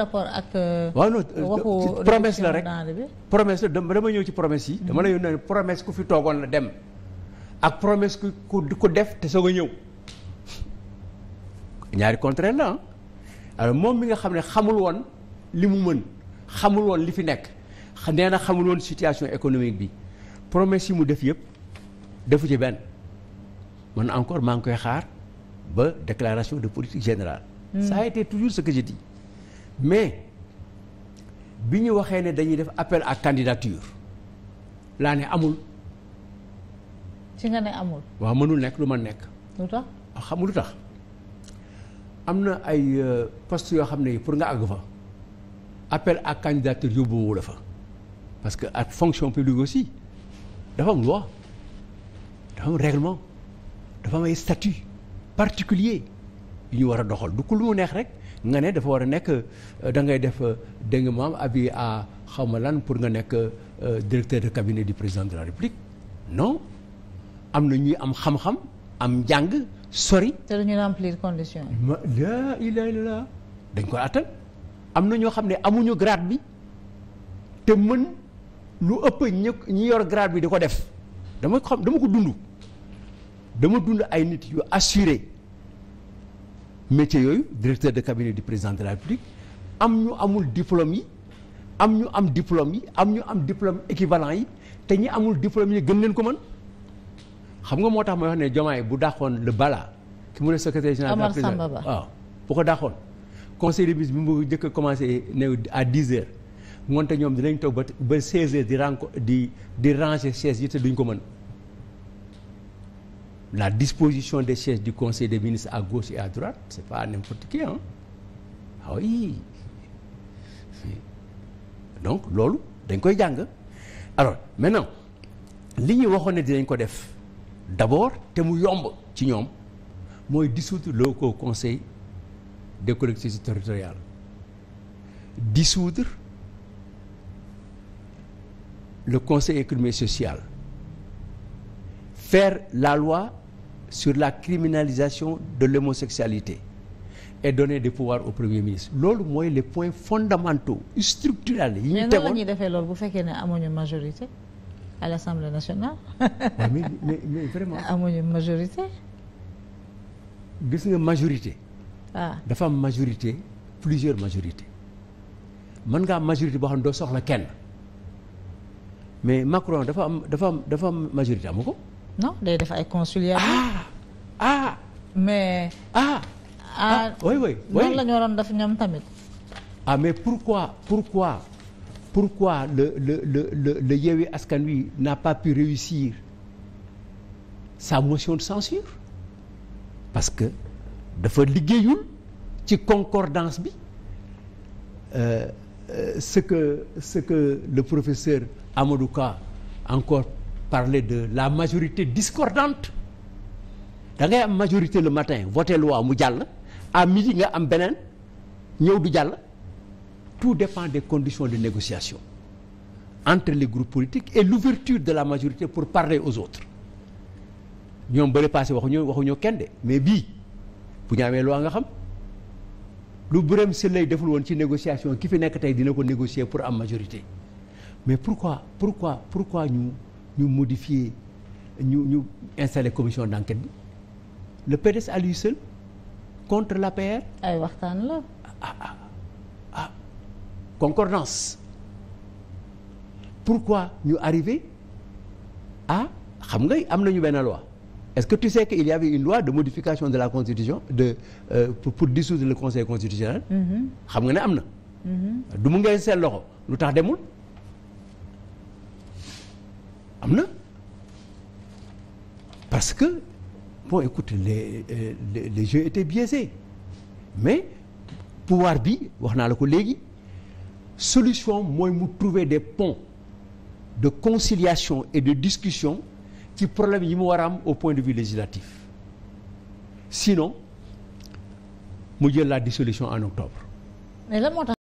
rapport ak. Euh, waaw non euh, promesse la rek promesse la dama ñëw ci promesse yi. dama la yónnee promesse ku fi toogoon la dem ak promesse ku ku def te soog a ñëw ñaari contraire la ah. alors moom mi nga xam ne xamul woon li mu mën xamul woon li fi nekk nee na xamul woon situation économique bi promesse yi mu def yëpp defu ci benn man encore maa ngi koy xaar ba déclaration de politique générale. Hmm. ça a été toujours ce que j'ai mais bi ñu waxee ne dañuy def appel à candidature laa ne amul. ci nga ne amul. waaw mënul nekk lu ma nekk. lu tax ah, xam lu tax am na ay euh, poste yoo xam ne pour nga àgg fa appel à candidature yóbbuwu la fa parce que ak fonction publique aussi dafa am loi dafa am règlement dafa am statut particulier yu ñu war a doxal du ku lu mu neex rek. nga ne dafa war a nekk euh, da ngay def euh, dégg nga maam avis à xaw ma lan pour nga nekk euh, directeur de cabinet du président de la république non am na ñuy am xam-xam am njàng sori. te duñu remplir condition yi. ma laa ilaaha illallaah dañ ko attan am na ñoo xam ne amuñu grade bi te mën lu ëpp ñi ñi yor grade bi di ko def dama xam dama ko dund dama dund ay nit yu assuré. métier yooyu directeur de cabinet du président de la République am ñu amul diplôme yi am ñu am diplôme am ñu am diplôme équivalent yi te ñi amul diplôme yi gën leen ko mën xam nga moo tax may wax ne Diomaye bu dàqoon le bala ki mu ne secrétaire général de la présidence waaw bu ko dàqoon conseil des ministres bi mu njëkk a commencé ne à dix heures moonte ñoom dinañ toog ba ba seize heures di ranko di di ranger chaise yi te duñ ko mën la disposition des sièges du conseil des ministres à gauche et à droite c'est pas n'importe qui hein ah donc loolu dañ koy jàng alors maintenant li ñuy waxoon ne dinañ ko def d'abord te mu yomb ci ñoom mooy dissoudre le ko conseil des collectivités territoriales dissoudre le conseil économique social faire la loi sur la criminalisation de l'homosexualité et donner des pouvoirs au premier ministre loolu mooy les points fondamentaux structurels yi ñu tegoon mais ñuy defee loolu bu fekkee ne amuñu majorité à l'Assemblée nationale. mais mais mais vraiment. amuñu majorité. gis nga majorité. waaw ah. dafa am majorité plusieurs majorités mën nga am majorité boo xam ne doo soxla kenn mais Macron dafa am dafa am dafa am majorité amu ko. non day def ay consulière ah, ah mais. Ah ah. ah ah oui oui noonu la ñu waroon def ñoom tamit. ah mais pourquoi pourquoi pourquoi le le le le le Yewwi Askan Wi naa pas pu réussir sa motion de censure parce que dafa liggéeyul ci concordance bi euh, euh, ce que ce que le professeur Amadou Ka encore. parler de la majorité discordante da ngay am majorité le matin voter loi mu jàll à yi nga am beneen ñëw du jàll tout dépend des conditions de négociation entre les groupes politiques et l'ouverture de la majorité pour parler aux autres ñoom bëri passé waxuñu waxuñu kenn de mais bii bu ñu amee loi nga xam lu Birame Souleye deful woon ci négociation ki fi nekk tey dina ko négocier pour am majorité mais pourquoi pourquoi pourquoi ñu. ñu modifier ñu ñu installer commission d' enquête le PDS à lui seul contre l'APR. ay waxtaan la. Ah, ah ah ah concordance pourquoi ñu arriver à xam nga am nañu benn loi est-ce que tu sais qu'il y une loi de modification de la constitution de euh, pour, pour le conseil constitutionnel. Mm-hmm. xam nga ne am na. Mm-hmm. du mu ngay seet loxo lu tax demul. am na parce que bon écoute les les, les jeux étaient biaisés mais pouvoir bi wax naa la ko léegi solution mooy mu trouver des ponts de conciliation et de discussion ci problème yi mu war a am au point de vue législatif sinon mu jël la dissolution en octobre.